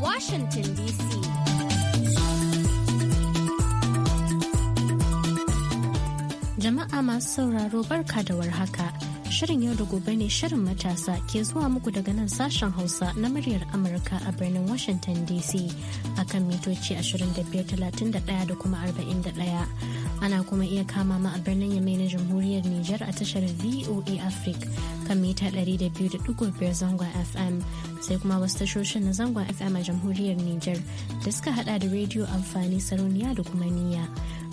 Washington DC. Jama'a masu sauraro barka da warhaka. Shirin yau da gobe ne shirin matasa ke zuwa muku daga nan sashen Hausa na muryar Amurka a birnin Washington DC akan mitoci 31 da kuma 41. ana kuma iya kama ma a birnin yamai na jamhuriyar Nijar a tashar VOA Africa kan mita 200.5 zangon FM sai kuma wasu tashoshin na zangon FM a jamhuriyar Nijar da suka hada da rediyo amfani sarauniya da kuma niya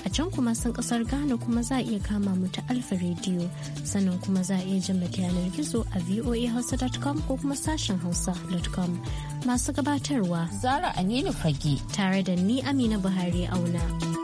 A can kuma sun kasar Ghana kuma za a iya kama mu ta Alfa rediyo sannan kuma za a iya jin yanar gizo a voahausa.com ko kuma sashen hausa.com masu gabatarwa. Zara Aminu Fage. Tare da ni Amina Buhari auna.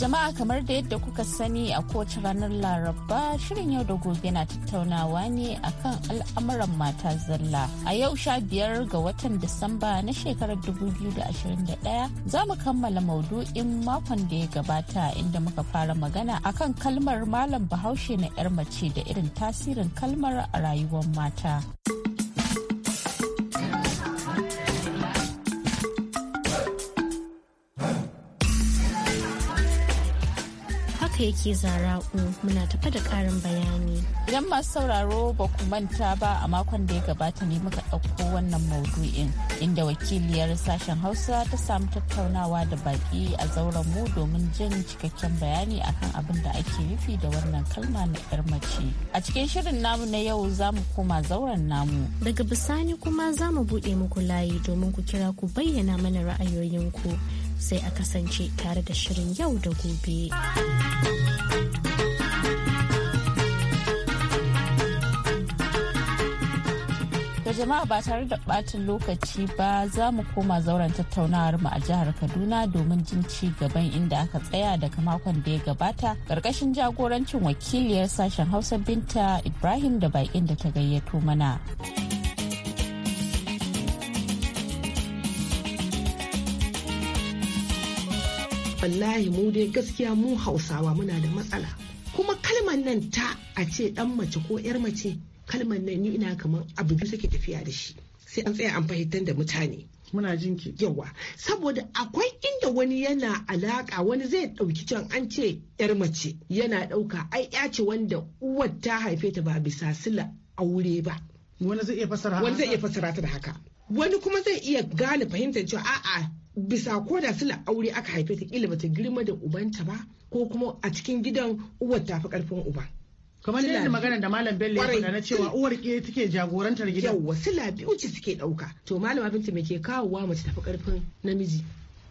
jama'a kamar da yadda kuka sani a kowace ranar laraba shirin yau da gobe na tattaunawa ne akan al'amuran mata zalla. A yau sha biyar ga watan Disamba na shekarar 2021 za mu kammala maudu'in makon da ya gabata inda muka fara magana akan kalmar malam bahaushe na 'yar mace da irin tasirin kalmar a rayuwar mata. haka yake zara'u muna tafa da karin bayani. Idan masu sauraro ba ku manta ba a makon da ya gabata ne muka ɗauko wannan maudu'in inda wakiliyar sashen Hausa ta samu tattaunawa da baƙi a zauren mu domin jin cikakken bayani akan abin da ake nufi da wannan kalma na 'yar mace. A cikin shirin namu na yau za mu koma zauren namu. Daga bisani kuma za mu buɗe muku layi domin ku kira ku bayyana mana ra'ayoyinku. sai a kasance tare da shirin yau da gobe. da jama'a ba tare da ɓatin lokaci ba za mu koma zauren tattaunawar mu a jihar kaduna domin jin ci gaban inda aka tsaya daga makon da ya gabata ƙarƙashin jagorancin wakiliyar sashen hausa binta ibrahim da baƙin da ta gayyato mana. wallahi mu dai gaskiya mu hausawa muna da matsala kuma kalmar nan ta a ce dan mace ko yar mace kalmar nan ni ina kamar abu biyu suke tafiya da shi sai an tsaya an fahimtar da mutane muna jin ki yawa saboda akwai inda wani yana alaka wani zai dauki can an ce yar mace yana dauka ai ya ce wanda uwar ta haife ta ba bisa sila aure ba wani zai iya fasara wani zai iya fasara ta da haka wani kuma zai iya gane fahimtar cewa a'a bisa ko da sila aure aka haife ta kila bata girma da ubanta ba ko kuma a cikin gidan uwar ta fi karfin uba kamar yadda magana da malam bello ya na cewa uwar ke take jagorantar gidan yawwa sila biyu ce suke dauka to malama binta me ke kawowa mace tafi karfin namiji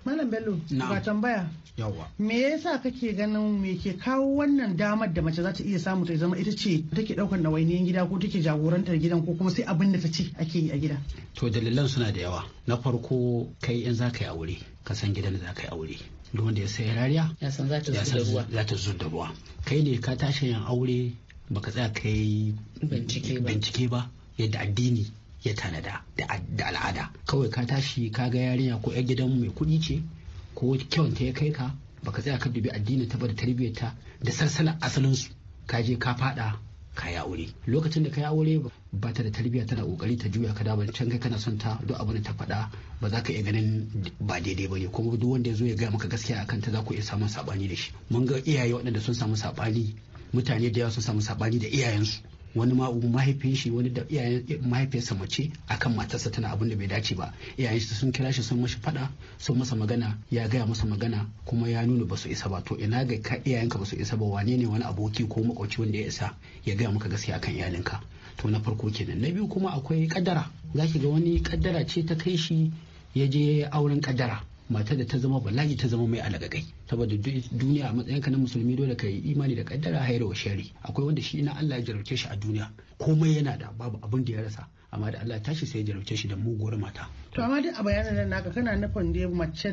Malam Bello, ga tambaya. Yawa. Me yasa kake ganin me ke kawo wannan damar da mace za ta iya samu ta zama ita ce take daukar nawainiyan gida ko take jagorantar gidan ko kuma sai abin da ta ce ake yi a gida? To dalilan suna da yawa. Na farko kai in za ka yi aure, ka san gidan da za ka yi aure. Duk wanda ya sayi rariya, ya san za ta zuda ruwa. Kai ne ka tashi yin aure baka tsaya kai bincike ba yadda addini ya tanada da al'ada kawai ka tashi ka ga yarinya ko 'yar gidan mai kuɗi ce ko ta ya kai ka baka tsaya ka dubi addinin ta ba da tarbiyyar ta da sarsalar su ka je ka faɗa kaya aure lokacin da kaya aure ba ta da tarbiyya tana kokari ta juya ka daban can kai kana son ta duk abin da ta faɗa ba za ka iya ganin ba daidai bane kuma duk wanda ya zo ya gaya maka gaskiya akan ta za ku iya samun sabani da shi mun ga iyaye waɗanda sun samu sabani mutane da yawa sun samu saɓani da iyayensu wani ma mahaifin shi wani da iyayen mahaifiyarsa mace akan matarsa tana abin da bai dace ba iyayen shi sun kira shi sun mashi fada sun masa magana ya gaya masa magana kuma ya nuna ba su isa ba to ina ga ka ka ba su isa ba wane ne wani aboki ko makwaci wanda ya isa ya gaya maka gaskiya akan iyalinka to na farko kenan na biyu kuma akwai kaddara zaki ga wani kaddara ce ta kai shi ya je auren kaddara mata da ta zama balaji ta zama mai alagagai saboda duniya a matsayin ka na musulmi dole ka yi imani da kaddara hayar wa shari akwai wanda shi na Allah ya jarabce shi a duniya komai yana da babu abin da ya rasa amma da Allah tashi sai ya jarabce shi da muguwar mata to amma dai a bayanan nan naka kana nufin da mace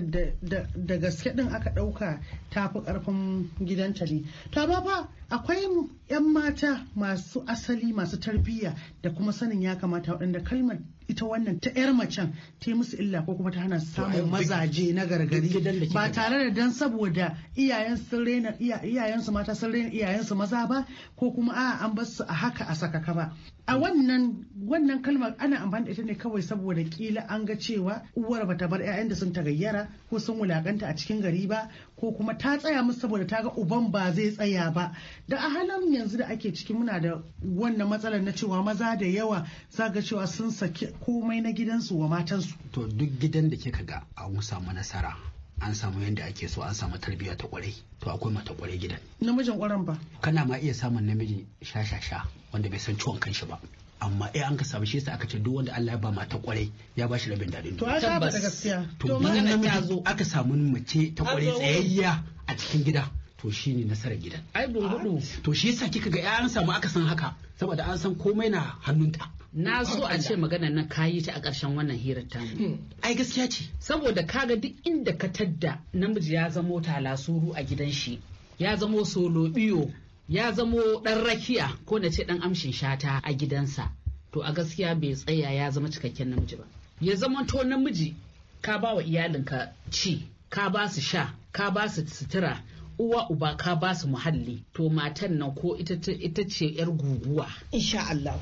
da gaske din aka dauka ta fi karfin gidanta ne to amma fa akwai yan mata masu asali masu tarbiyya da kuma sanin ya kamata waɗanda kalmar ita wannan ta 'yar macen ta yi musu illa ko kuma ta hana samun mazaje na gargari ba tare da dan saboda iyayensu mata sun raina iyayensu maza ba ko kuma a an bar su a haka a sakaka ba a mm. wannan wannan kalmar ana amfani da ita ne kawai saboda kila an ga cewa uwar bata bar 'ya'yan da sun tagayyara ko sun wulakanta a cikin gari ba ko kuma ta tsaya musu saboda ta ga uban ba zai tsaya ba da a halin yanzu da ake ciki muna da wannan matsalar na cewa maza da yawa za ga cewa sun saki komai na gidansu wa matansu to duk gidan da kika ga an samu nasara an samu yadda ake so an samu tarbiyya ta kwarai to akwai mata kwarai gidan namijin kwaran ba kana ma iya samun namiji sha-sha-sha wanda bai san ciwon kanshi ba amma eh an ka samu shi yasa aka ce duk wanda Allah ya ba mata kwarai ya ba shi rabin dadin to aka ba gaskiya to magana ta zo aka samu mace ta kwarai tsayayya a cikin gida to shine nasarar gidan ai ah. to shi yasa kika ga ya samu aka san haka saboda an san komai na hannunta na so a ce magana na kayi ta a karshen wannan hirar ta hmm. ai gaskiya ce saboda kaga duk inda ka tadda namiji ya zamo talasuru a gidan shi ya zamo solo biyo ya zamo ɗan rakiya ko na ce ɗan amshin shata a gidansa to a gaskiya bai tsaya ya zama cikakken namiji ba ya zama to namiji ka ba wa iyalinka ci ka ba su sha ka ba su sutura uwa uba ka ba su muhalli to matan nan ko ita ce yar guguwa insha Allah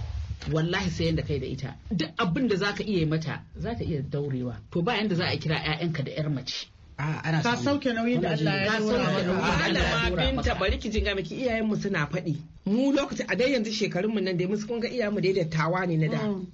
wallahi sai yanda kai da ita duk abin da zaka iya mata zata iya daurewa to ba yanda za a kira 'ya'yanka da yar mace ana samu. ka sauke nauyin da Allah ya dora maka ma binta bari ki jinga miki iyayen mu suna faɗi mu lokaci a dai yanzu shekarun mu nan dai musu kun ga iyayen mu dai dattawa ne na da mm.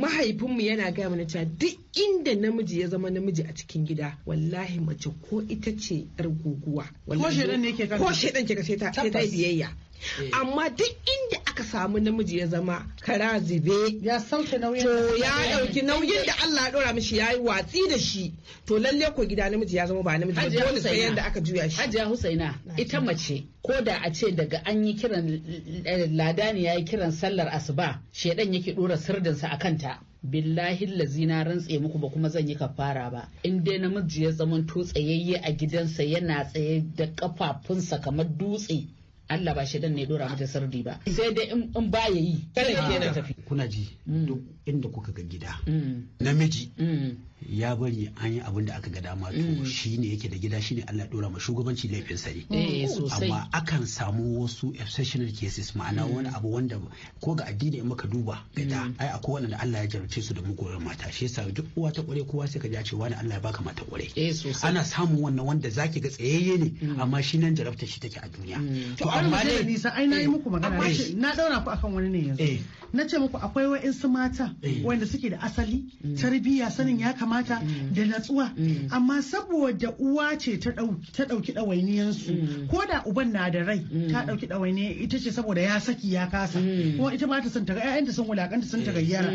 mahaifin mu yana ga mana cewa duk inda namiji ya zama namiji a cikin gida wallahi mace ko ita ce yar guguwa ko shedan ne yake kan ko shedan ke ka sai ta biyayya Eh. amma duk inda aka samu namiji ya zama kara zube ya sauke nauyin to ya dauki nauyin da Allah ya dora mishi yayi watsi da shi to lalle ko gida namiji ya zama ba namiji ba dole sai yanda aka juya shi Hajiya Husaina ita mace ko da a ce daga an yi kiran eh, ladani yayi kiran sallar asuba shedan yake dora sirdinsa a ta billahi na rantse muku ba kuma zan yi kafara ba in dai namiji ya zama to tsayayye a gidansa yana tsaye da kafafunsa kamar dutse Allah ba shi dan ne dora mata sardi ba sai dai in ba yayi kada ke na tafi kuna ji mm. duk inda kuka ga gida mm. namiji mm. ya bari an yi abin da aka ga dama to mm. shi ne yake da gida shi ne Allah dora ma shugabanci laifin eh, mm. sani amma akan samu wasu exceptional cases ma'ana mm. wani abu wanda ko ga addini in muka duba gada ai akwai wanda Allah ya jarrace su da mugoyar mata shi yasa duk uwa ta kware kowa sai ka ji cewa Allah ya baka mata kware eh, ana samun wannan wanda zaki ga tsayayye ne amma shi nan jarabta shi take a duniya to amma dai nisa ai na yi eh, muku magana na daura ku akan wani ne yanzu na ce muku akwai wa'insu mata eh. wanda suke da asali mm. tarbiyya sanin ya kamata mm. da natsuwa mm. amma saboda uwa ce ta ɗauki ɗawainiyansu ko da uban na da rai ta ɗauki ɗawainiya ita ce saboda ya saki ya kasa kuma ita ma ta sun taga ƴaƴanta sun wulakanta sun tagayyara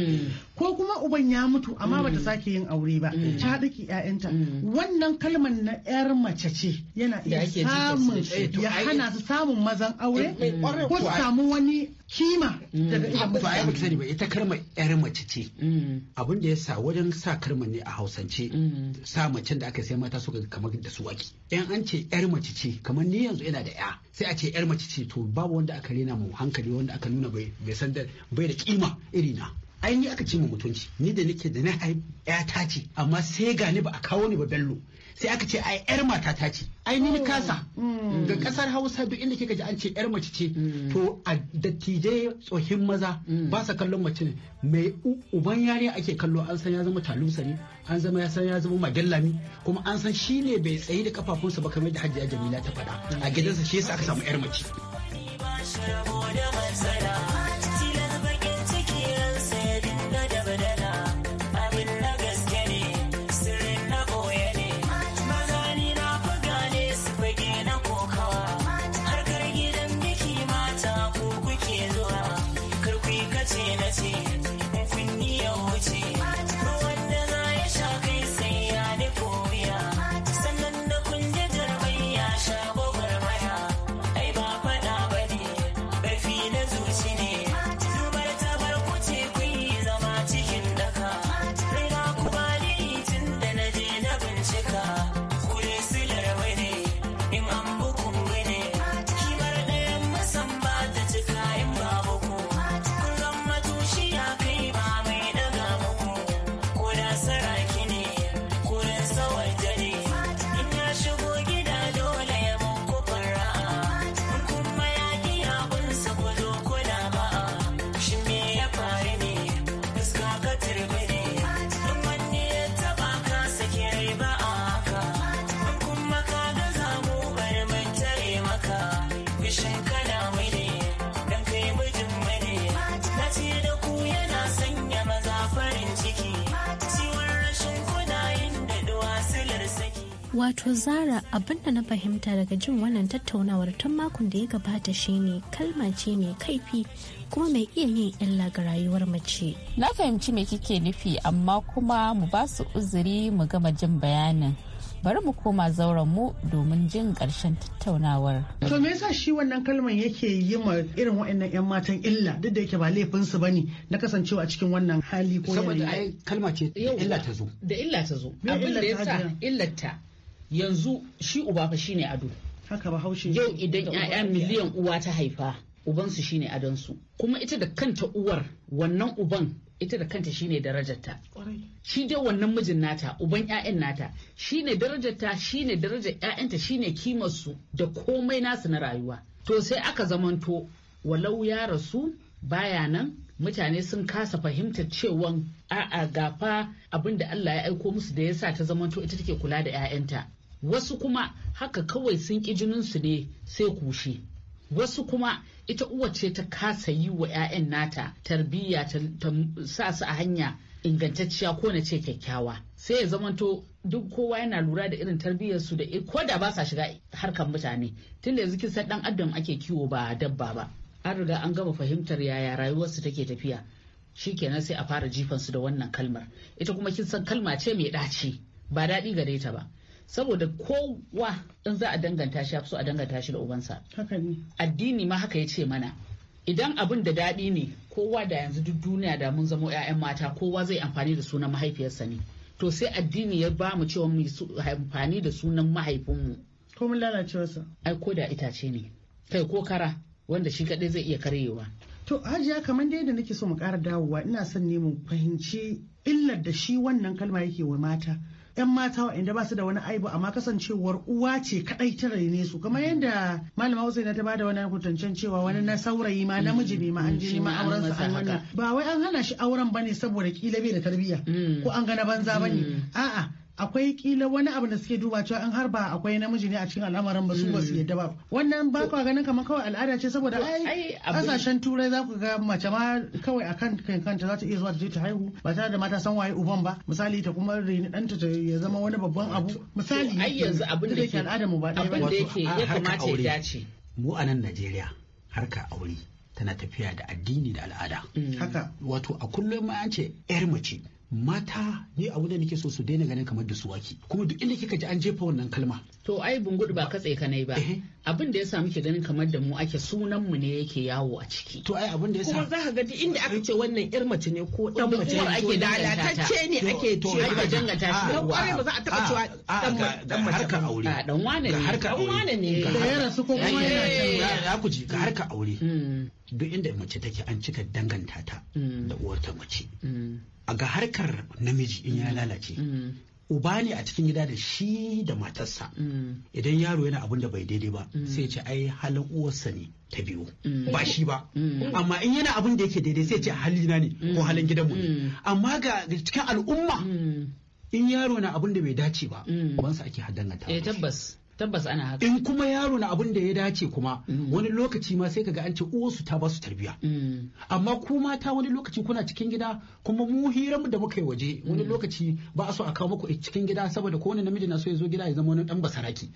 ko kuma uban ya mutu amma bata sake yin aure ba ta haɗaki ƴaƴanta wannan kalmar na 'yar mace ce yana iya samun eh, ya hana su samun mazan aure eh, ko su samu wani kima mm. daga ita to sani ba ita karma yar mace ce mm. abin da ya sa wajen sa karma ne a hausance mm. sa macen da aka sai mata suka kamar da su waki yan an ce yar mace ce kamar ni yanzu ina da ya sai a ce yar mace ce to babu wanda aka rena mu hankali wanda aka nuna bai san da bai da kima na ai ni aka ce mu mutunci ni da nake da na ai ta ce amma sai ga ni ba a kawo ni ba bello sai aka ce ai yar matata ce ai ni oh. kasa mm. ga kasar hausa duk inda kika ji an ce yar mace ce mm. to a dattijai tsohin maza mm. ba sa kallon mace ne mai uban yare ake kallo an san ya zama talusa ne an zama ya san ya zama magellami kuma an san shi ne bai tsayi da kafafunsa ba kamar da hajjiya jamila ta faɗa a gidansa shi yasa aka samu yar mace. wato zara abinda na fahimta daga jin wannan tattaunawar tun makon da ya gabata shine kalma ce mai kaifi kuma mai iya yin illa ga rayuwar mace na fahimci me kike nufi amma kuma mu ba su uzuri mu gama jin bayanin bari mu koma zauren mu domin jin karshen tattaunawar. To me yasa shi wannan kalman yake yi ma irin waɗannan 'yan matan illa duk da yake ba laifin su bane na kasancewa a cikin wannan hali ko yanayi. Saboda ai kalma ce illa ta zo. Da illa ta zo. Abin da yasa ta. yanzu shi uba fa shine ado haka ba haushi yau idan 'ya'ya miliyan uwa ta haifa ubansu shine adon su kuma ita da kanta uwar wannan uban ita da kanta shine darajarta shi dai wannan mijin nata uban 'ya'yan nata shine darajarta shine darajar yayanta shine kimar su da komai nasu na rayuwa to sai aka zamanto walau ya rasu baya nan mutane sun kasa fahimtar cewan a'a gafa abin da Allah ya aiko musu da yasa ta zamanto ita take kula da 'ya'yanta wasu kuma haka kawai sun ƙi jininsu ne sai kushe wasu kuma ita uwa ce ta kasa yi wa 'ya'yan nata tarbiyya ta sa su a hanya ingantacciya ko na ce kyakkyawa sai ya zamanto duk kowa yana lura da irin tarbiyyarsu da ko da ba sa shiga harkar mutane tunda yanzu kisan dan adam ake kiwo ba dabba ba an riga an gama fahimtar yaya rayuwarsu take tafiya shi kenan sai a fara jifan su da wannan kalmar ita kuma kin san kalma ce mai ɗaci ba daɗi gare ta ba saboda kowa in za a danganta shi so a danganta shi da ubansa addini ma haka ya ce mana idan abin da daɗi ne kowa da yanzu duk duniya da mun zama 'ya'yan mata kowa zai amfani da sunan mahaifiyarsa ne to sai addini ya ba mu cewa mu amfani da sunan mahaifinmu ko mun lalace wasa. ai ko da itace ne kai ko kara wanda shi kaɗai zai iya karyewa to hajiya kamar dai da nake so mu ƙara dawowa ina son ne mu fahimci illar da shi wannan kalma yake wa mata 'yan mata waɗanda ba su da wani aibu amma kasancewar uwa ce kadai ta raine su kamar yadda malama Usaina ta bada wani hukuntancen cewa wani na saurayi ma namiji ne ma an je ma auren sa an ba wai an hana shi auren bane saboda kila bai da tarbiyya mm. ko an gana na banza bane mm. a'a akwai kila wani abu da suke duba cewa an har ba akwai namiji ne a cikin al'amarin ba su ba su mm. yadda ba wannan ba kwa ganin kamar kawai al'ada ce saboda ai kasashen turai za ku ga mace ma kawai kan kanta za ta iya zuwa ta je ta haihu ba tare da mata san waye uban ba misali ta kuma reni danta ta ya zama wani babban abu misali ai yanzu abin da yake al'ada mu ba ɗaya ba yake ya kamata ya dace mu a nan Najeriya harka aure tana tafiya da addini da al'ada mm. haka wato a kullum ma an ce yar mace mata ni abu da nake so su daina ganin kamar da suwaki kuma duk inda kika ji an jefa wannan kalma to ai bungudu ba katse ka nai ba eh. abin da ya samu muke ganin kamar da mu ake sunan mu ne yake yawo a ciki to ai abin da ya sa kuma zaka ga duk inda aka ce wannan yar mace ne ko dan mace ne ake lalatacce ne ake ba ake dangata shi ko ai ba za a taba cewa dan dan mace harka aure dan wane ne harka wane ne da ya su ko kuma ya ya ji ga harka aure mm. mm. duk inda mace take an cika danganta ta mm. da uwarta mace a ga harkar namiji in ya mm. lalace mm. uba ne a cikin gida da shi da matarsa mm. idan yaro yana abin da bai daidai ba sai ce ai halin uwarsa ne ta biyu ba shi ba amma in yana abin da yake daidai sai ce halina ne ko halin gidanmu ne amma ga cikin al'umma in yaro na abin da bai dace ba ubansa ake haddana ta eh, tabbas tabbas ana haka in kuma yaro na abin da ya dace kuma mm. wani lokaci ma sai kaga an ce uwarsu ta basu tarbiya mm. amma ku mata wani lokaci kuna cikin gida kuma mu hiranmu da muka yi waje wani mm. lokaci ba a so a kawo muku cikin gida saboda ko wani namiji na so ya zo gida ya zama wani dan basaraki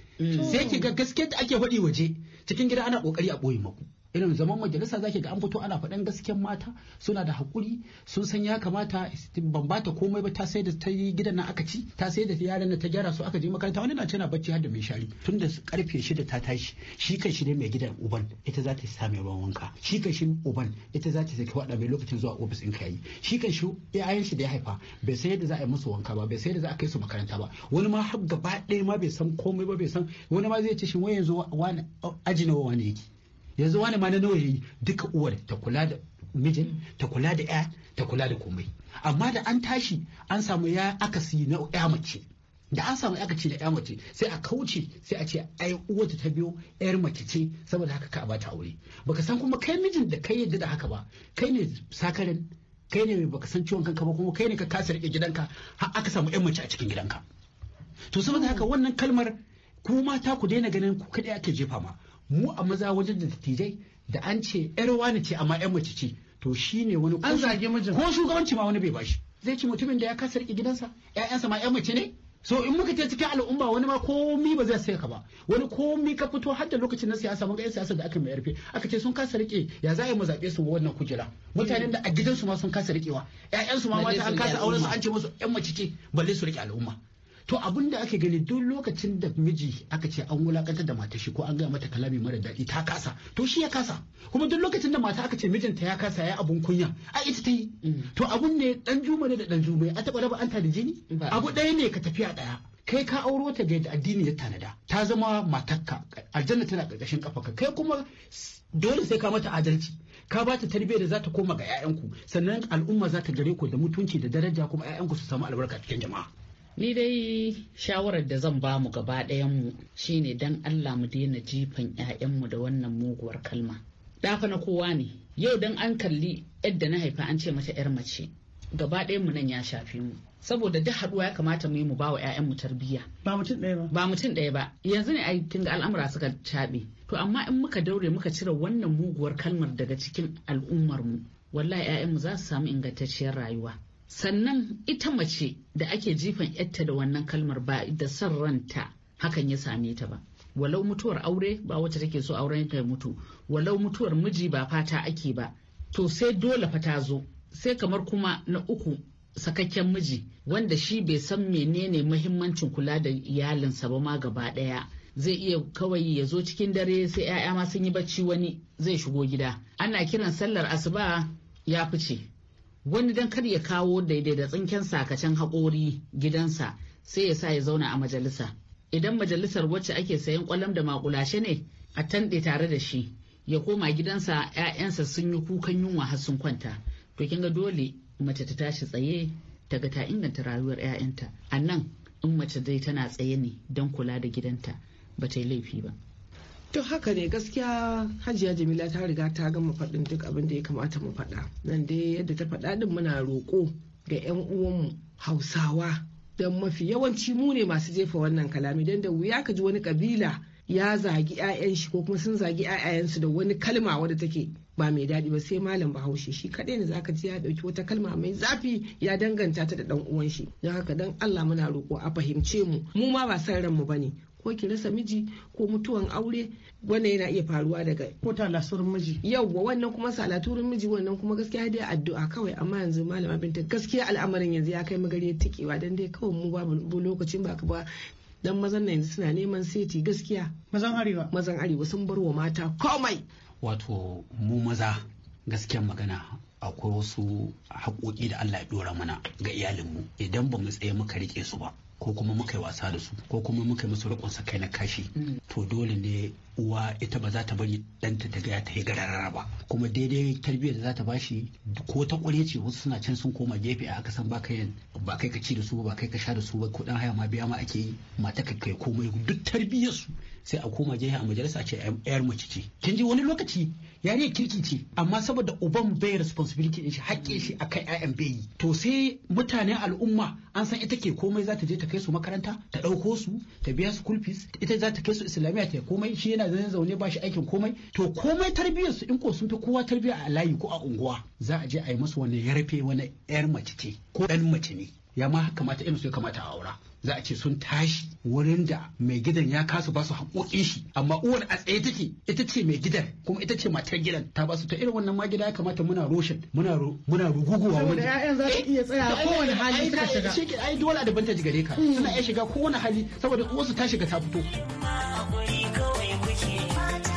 sai ki ga gaskiya ake faɗi waje cikin gida ana kokari a boye maku. irin zaman majalisa zaki ga an fito ana faɗan gaskiyar mata suna da hakuri sun san ya kamata ban bata komai ba ta sai da ta yi gidan nan aka ci ta sai da yaran nan ta gyara su aka je makaranta wani na tana bacci har da mai shari tun da karfe shida ta tashi shi kan shi ne mai gidan uban ita za ta sa mai ruwan wanka shi kan shi uban ita za ta sai wada mai lokacin zuwa ofis in kai shi kan shi yayan shi da ya haifa bai san yadda za a yi musu wanka ba bai san yadda za a kai su makaranta ba wani ma har gaba ɗaya ma bai san komai ba bai san wani ma zai ce shi wani yanzu wani aji na wani yake yanzu wani ma na nawa yayi duka uwar ta kula da mijin ta kula da ya ta kula da komai amma da an tashi an samu ya akasi na ya mace da an samu aka ce da ya mace sai a kauce sai a ce ai uwata ta biyo yar mace ce saboda haka ka bata aure baka san kuma kai mijin da kai yadda da haka ba kai ne sakarin kai ne baka san ciwon kanka ba kuma kai ne ka kasa rike gidanka har aka samu yan mace a cikin gidanka to saboda haka wannan kalmar ku mata ku daina ganin ku kada ake jefa ma mu a maza wajen da dattijai da an ce yar wani ce amma yan mace ce to shine wani an zage mijin ko shugabanci ma wani bai bashi zai ci mutumin da ya kasa rike gidansa ƴaƴansa ma yan mace ne so in muka ce cikin al'umma wani ma komi ba zai sai ka ba wani komi ka fito har da lokacin na siyasa mun ga siyasa da aka mai yarfe aka ce sun kasa rike ya za a yi mu zabe su wannan kujera mutanen da a gidansu ma sun kasa rikewa ƴaƴansu ma mata an kasa auren su an ce musu yan mace ce balle su rike al'umma to abin da ake gani duk lokacin da miji aka ce an wulakantar da mata shi ko an gaya mata kalami mara daɗi ta kasa to shi ya kasa kuma duk lokacin da mata aka ce mijinta ya kasa ya abun kunya a ita ta yi mm. to abun ne dan juma ne da dan juma a taɓa raba an da jini abu ɗaya ne ka tafi a ɗaya kai ka auro ta ga yadda addini ya tanada ta zama matarka aljanna tana ƙarƙashin ka kai kuma dole sai ka mata adalci ka ba ta tarbiyyar da za ta koma ga 'ya'yanku sannan al'umma za ta gare ku da mutunci da daraja kuma 'ya'yanku su samu albarka cikin jama'a Ni dai shawarar da zan bamu gaba mu ne don Allah mu daina jifan 'ya'yanmu da wannan muguwar kalma. Ɗafa na kowa ne, yau don an kalli yadda na haifa an ce mata 'yar mace. Gaba mu nan ya shafe mu. Saboda duk haɗuwa ya kamata mu yi mu bawa 'ya'yanmu tarbiyya. Ba mutum ɗaya ba. Ba mutum ɗaya ba. Yanzu ne ai kinga ga al'amura suka caɓe. To amma in muka daure muka cire wannan muguwar kalmar daga cikin al'ummar mu, Wallahi 'ya'yanmu za su samu ingantacciyar rayuwa. sannan ita mace da ake jifan yatta da wannan kalmar ba da son ranta hakan ya same ta ba walau mutuwar aure ba wacce take so auren ta mutu walau mutuwar miji ba fata ake ba to sai dole fa ta zo sai kamar kuma na uku sakakken miji wanda shi bai san menene mahimmancin kula da iyalinsa ba ma gaba daya zai iya kawai ya zo cikin dare sai 'ya'ya ma sun yi bacci wani zai shigo gida ana kiran sallar asuba ya fice wani dan kar ya kawo daidai da tsinken sakacen haƙori gidansa sai ya sa ya zauna a majalisa idan majalisar wacce ake sayan kwalam da makulashe ne a tanɗe tare da shi ya koma gidansa 'ya'yansa sun yi kukan yunwa har sun kwanta to kin ga dole mace ta tashi tsaye ta ga ta inganta rayuwar 'ya'yanta a nan in mace dai tana tsaye ne don kula da gidanta ba ta yi laifi ba To haka ne gaskiya Hajiya Jamila ta riga ta gama faɗin duk abin da ya kamata mu faɗa. Nan dai yadda ta faɗa din muna roƙo ga 'yan uwanmu Hausawa don mafi yawanci mu ne masu jefa wannan kalami don da wuya ka ji wani kabila ya zagi 'ya'yan shi ko kuma sun zagi 'ya'yansu da wani kalma wadda take ba mai daɗi ba sai malam bahaushe shi kaɗai ne zaka ji ya ɗauki wata kalma mai zafi ya danganta ta da ɗan uwan shi don haka dan Allah muna roƙo a fahimce mu mu ma ba san ranmu bane ko ki rasa miji ko mutuwan aure wannan yana iya faruwa daga ko talasurin miji wa wannan kuma salaturin miji wannan kuma gaskiya dai addu'a kawai amma yanzu malama binta gaskiya al'amarin yanzu ya kai magare tikewa dan dai kawai mu babu lokacin ba ka ba dan mazan na yanzu suna neman seti gaskiya mazan arewa mazan arewa sun bar wa mata komai wato mu maza gaskiya magana akwai wasu haƙoƙi da Allah ya dora mana ga iyalinmu idan ba mu tsaye muka rike su ba ko kuma muka yi wasa da su ko kuma muka yi musu rikon sakai na kashi mm. to dole ne uwa ita ba za ta bari ɗanta ta gaya ta yi gararara ba kuma daidai tarbiyyar da za ta shi ko ta ƙware ce wasu suna can sun koma gefe a aka san ba kai ka ci da su ba kai ka sha da su ba ko dan haya ma biya ma ake yi mata ka kai komai duk tarbiyyar su sai a koma gefe a majalisa ce yar mace ce kin ji wani lokaci yare kirki ce amma saboda uban bai responsibility din shi haƙƙin shi akan ƴaƴan bai yi to sai mutanen al'umma an san ita ke komai za ta je ta kai su makaranta ta ɗauko su ta biya su kulfis ita za ta kai su islamiyya ta komai shi yana yana zaune zaune ba shi aikin komai to komai tarbiyyarsu su in ko sun fi kowa tarbiyya a layi ko a unguwa za a je a yi musu wani yarfe wani yar mace ce ko dan mace ne ya ma kamata irin su ya kamata a aura za a ce sun tashi wurin da mai gidan ya kasu ba su haƙoƙin shi amma uwar a tsaye take ita ce mai gidan kuma ita ce matar gidan ta ba su ta irin wannan ma gida ya kamata muna roshin muna muna ruguguwa wanda ƴaƴan za su iya tsaya eh, kowane hali suka shiga shi ai dole advantage gare ka suna iya shiga kowane hali saboda uwarsu ta shiga ta fito here.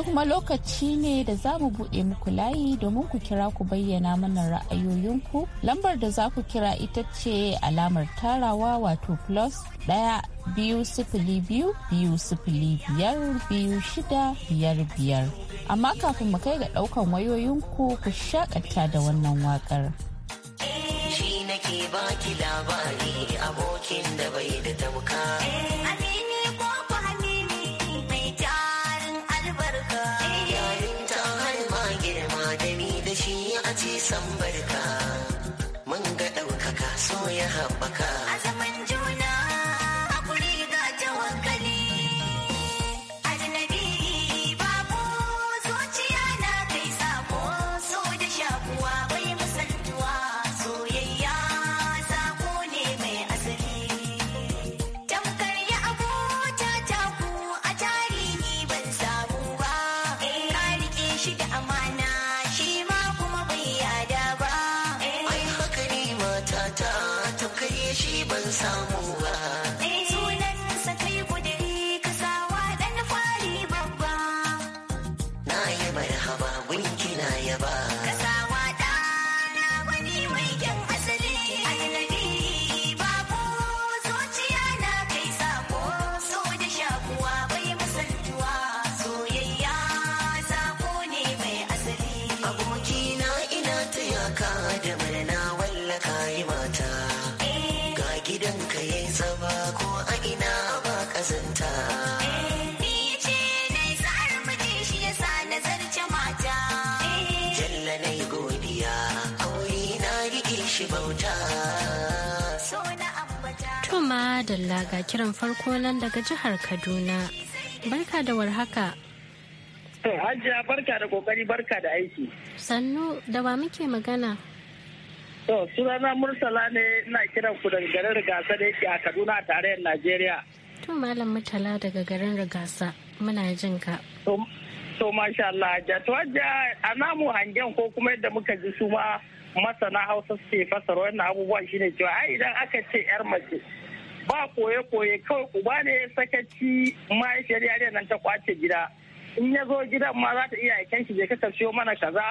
yanzu kuma lokaci ne da za mu buɗe muku layi domin ku kira ku bayyana mana ra'ayoyinku lambar da za ku kira ita ce alamar tarawa wato plus ɗaya biyu sifili biyu biyu sifili biyar biyu shida biyar biyar amma kafin mu kai ga ɗaukan wayoyinku ku shakata da wannan wakar. Shi nake baki labari abokin da bai da tamka. ma dalla ga kiran farko nan daga jihar Kaduna. Barka da warhaka. To, Hajiya barka da kokari barka da aiki. Sannu da ba muke magana. To, sunana Murtala ne na kiran ku daga garin Rigasa da yake a Kaduna a tarayyar Najeriya. To, Malam Murtala daga garin Rigasa muna jin ka. To, masha Allah, To, Hajiya, a namu hangen ko kuma yadda muka ji su ma masana Hausa suke fasara wannan abubuwan shine cewa ai idan aka ce 'yar mace ba koye-koye kawai ba ne sakaci mahaifiyar yariyar nan ta kwace gida in ya zo gidan ma za ta iya aikin shi je ka siyo mana kaza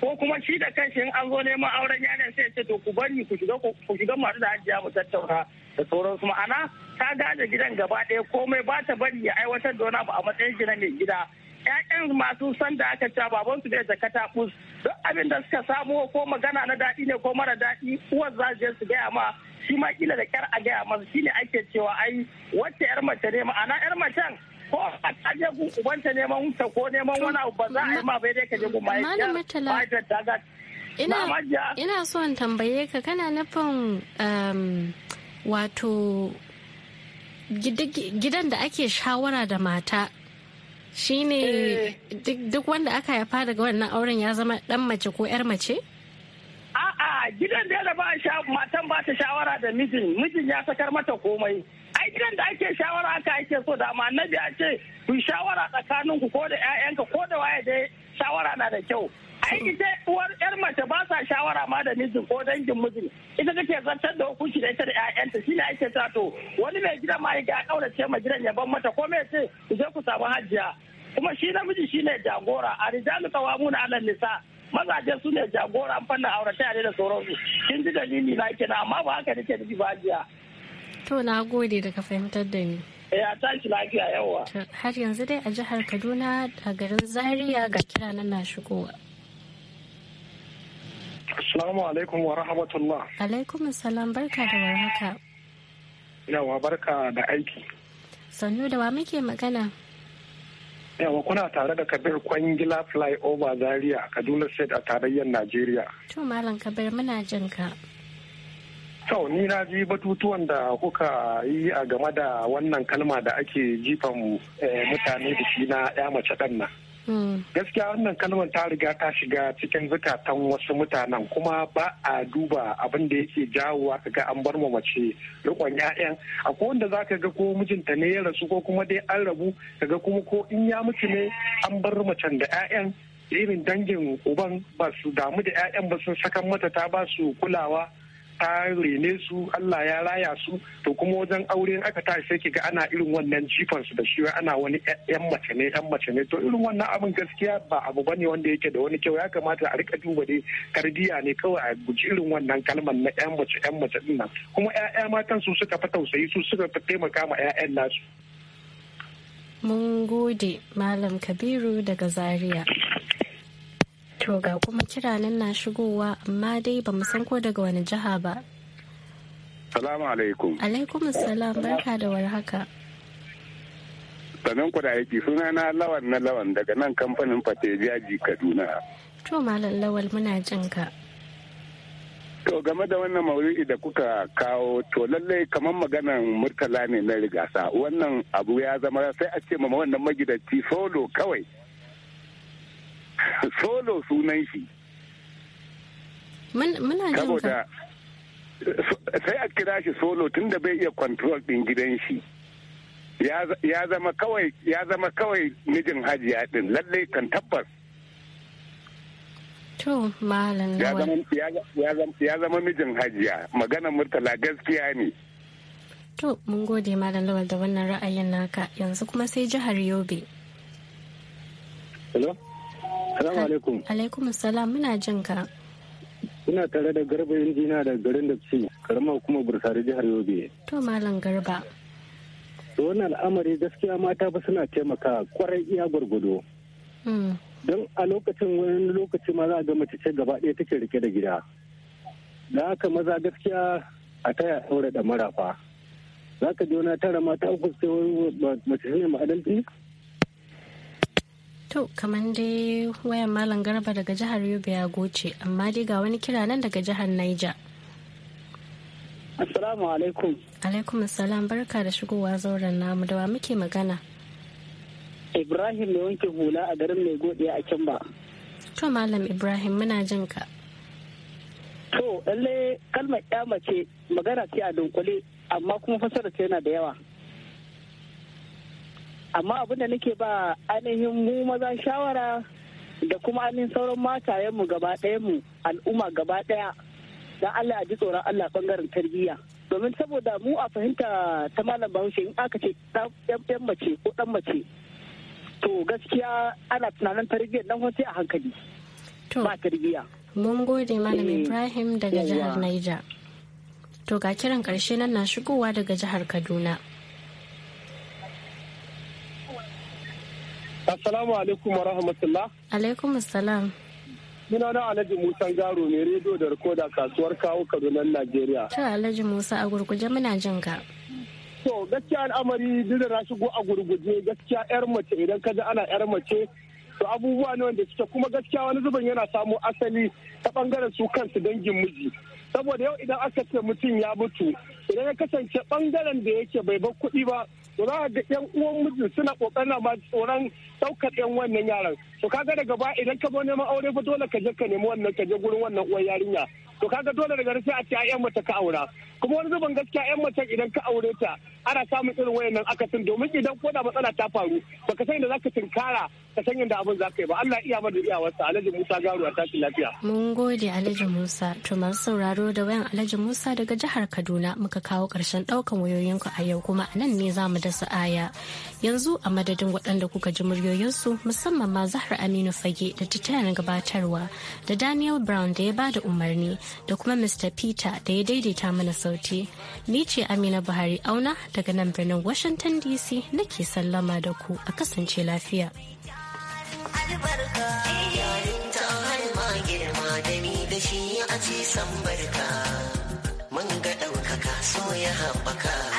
ko kuma shi da kanshi in an zo neman auren yanar sai ce to ku bari ku shiga ku shiga masu da hajiya mu tattauna da sauransu ma'ana ta gaje gidan gaba ɗaya komai ba ta bari ya aiwatar da wani abu a matsayin shi na mai gida ƴaƴan masu san da aka ca baban su da ta bus duk abin da suka samo ko magana na daɗi ne ko mara daɗi uwar za su gaya ma shi ma kila da kyar a gaya shi shine ake cewa ai wacce yar mace ne ma'ana yar macen ko a kaje gun ubanta neman ta ko neman wani abu ba za a yi ma bai dai ka je ma mahaifiyar ta ga ina ina son tambaye ka kana nufin um, wato gidan da ake shawara da mata shine eh. duk wanda aka haifa daga wannan auren ya zama dan mace ko yar mace? gidan da ba matan ba ta shawara da mijin mijin ya sakar mata komai ai gidan da ake shawara aka ake so da amma annabi ya ce ku shawara tsakanin ku ko da ƴaƴanka ko da waye dai shawara na da kyau ai ita uwar yar mace ba sa shawara ma da mijin ko dangin mijin ita take zartar da hukunci da ita da ƴaƴanta shine ake ta to wani mai gidan ma ya kaurace ma gidan ya ban mata ko me ce ku je ku samu hajjiya kuma shi namiji shine jagora a rijalu na alal nisa' mazaje su ne jagoran fannin yare da sauransu kin ji dalili na kenan amma ba haka nake da ba to na gode da ka fahimtar da ni ya eh, tashi lafiya yawa har yanzu dai a jihar kaduna a garin zaria ga kira nan na shigowa Assalamu alaikum wa rahmatullah. Alaikum salam barka da warhaka. Yawa barka da aiki. Sannu da wa muke magana? yawa kuna tare da kabir kwangila fly flyover zaria kaduna state a tarayyar najeriya to malam kabir muna jin ka to ni na ji batutuwan da kuka yi a game da wannan kalma da ake jifan eh, mutane da shi na ya mace ɗan nan gaskiya wannan kalmar ta riga ta shiga cikin zukatan wasu mutanen kuma ba a duba abin da yake jawowa kaga an bar ma mace rikon ƴaƴan akwai wanda ka ga ko mijinta ne ya rasu ko kuma dai an rabu kaga kuma ko in ya mutu ne an bar macen da ƴaƴan irin dangin uban ba su damu da 'ya'yan ba sun sakan mata ta ba su kulawa ta rene su Allah ya raya su to kuma wajen aure aka tashi sai kiga ana irin wannan jifan su da shi ana wani yan mace ne yan mace ne to irin wannan abin gaskiya ba abu bane wanda yake da wani kyau ya kamata a rika duba dai kardiya ne kawai a guji irin wannan kalmar na yan mace yan mace din nan kuma ƴaƴa matan su suka fa tausayi su suka fa taimaka ma ƴaƴan nasu mun gode malam kabiru daga zaria To ga kuma kira nan na shigowa amma dai ba san ko daga wani jiha ba. Salamu alaikum. Alaikum salam barka da warhaka. Sannan da aiki suna na lawan na lawan daga nan kamfanin Fatejaji Kaduna. To malam lawal muna jin ka. To game da wannan maudu'i da kuka kawo to lallai kamar maganan murtala ne na rigasa wannan abu ya zama sai a ce ma wannan magidanci solo kawai. solo sunan shi muna jin saboda sai a kira shi solo tunda bai iya control din gidan shi ya zama kawai ya zama kawai mijin hajiya din lallai kan tabbas ya zama mijin hajiya magana murtala gaskiya ne to mun gode malam lawal da wannan ra'ayin naka yanzu kuma sai jihar yobe Hello? Salamu alaikum. Alaikum salam muna jin ka. Ina tare da Garba Injina da garin da ci, karama kuma Bursari jihar Yobe. To Malam Garba. To wannan al'amari gaskiya mata ba suna taimaka kwarai iya gwargwado. Hmm. Don a lokacin wani lokaci ma za a ga mace ce gaba ɗaya take rike da gida. Da haka maza gaskiya a taya ɗaure da marafa. Za ka ji wani tara mata uku sai wani mace ne ma'adalci To, kamar dai wayan Malam Garba daga jihar Yobe ya goce, amma dai ga wani kira nan daga jihar Naija. Assalamu alaikum. Alaikum assalam barka da shigowa zauren namu da wa muke magana. Ibrahim mai wanke hula a garin mai godiya a can ba. To Malam Ibrahim muna jin ka. To lalle kalmar ya mace magana ce a dunkule amma kuma fasara ce yana da yawa. amma abin da nake ba ainihin mu maza shawara da kuma ainihin sauran matayenmu gaba mu al'umma gaba ɗaya don Allah a ji tsoron Allah bangaren tarbiyya domin saboda mu a fahimta ta malam bahaushe in aka ce ɗan mace ko ɗan mace to gaskiya ana tunanin tarbiyyar nan wasu a hankali ba tarbiyya. Mun gode malam eh, Ibrahim daga jihar Niger. To ga kiran karshe nan na shigowa daga jihar Kaduna. Assalamu alaikum wa rahmatullah. Alaikum assalam. Muna na Alhaji Musa Garo ne rediyo da rikoda kasuwar kawo Kaduna Najeriya. Ta Alhaji Musa a gurguje muna jin ka. To gaskiya al'amari duk da na shigo a gurguje gaskiya yar mace idan ka ji ana yar mace to abubuwa ne wanda suke kuma gaskiya wani zuban yana samo asali ta bangaren su kansu dangin miji. Saboda yau idan aka ce mutum ya mutu idan ya kasance bangaren da yake bai bar kuɗi ba da za a ga yan uwan mijin suna kokarin ma tsoron daukar yan wannan yaran to kaga daga ba idan ka zo neman aure fa dole ka je ka nemi wannan ka je gurin wannan uwar yarinya to kaga dole daga sai a ce ayyan mata ka aura kuma wani zuban gaskiya ayyan mace idan ka aure ta ana samun irin wayannan akasin domin idan ko da matsala ta faru baka san da zaka tinkara ka san inda abin zaka yi ba Allah iya mada iyawarsa Alhaji Musa Garuwa ta ci lafiya mun gode Alhaji Musa to masu sauraro da wayan Alhaji Musa daga jihar Kaduna muka kawo karshen daukan wayoyinku a yau kuma a nan ne zamu dasa aya yanzu a madadin waɗanda kuka ji muryoyinsu musamman ma Zahra Zahra Aminu Fage da ta na gabatarwa da Daniel Brown da ya ba da umarni da kuma Mr. Peter da ya daidaita mana sauti. Ni ce Amina Buhari Auna daga nan birnin Washington DC nake sallama da ku a kasance lafiya. Mun ga ɗaukaka so ya haɓaka.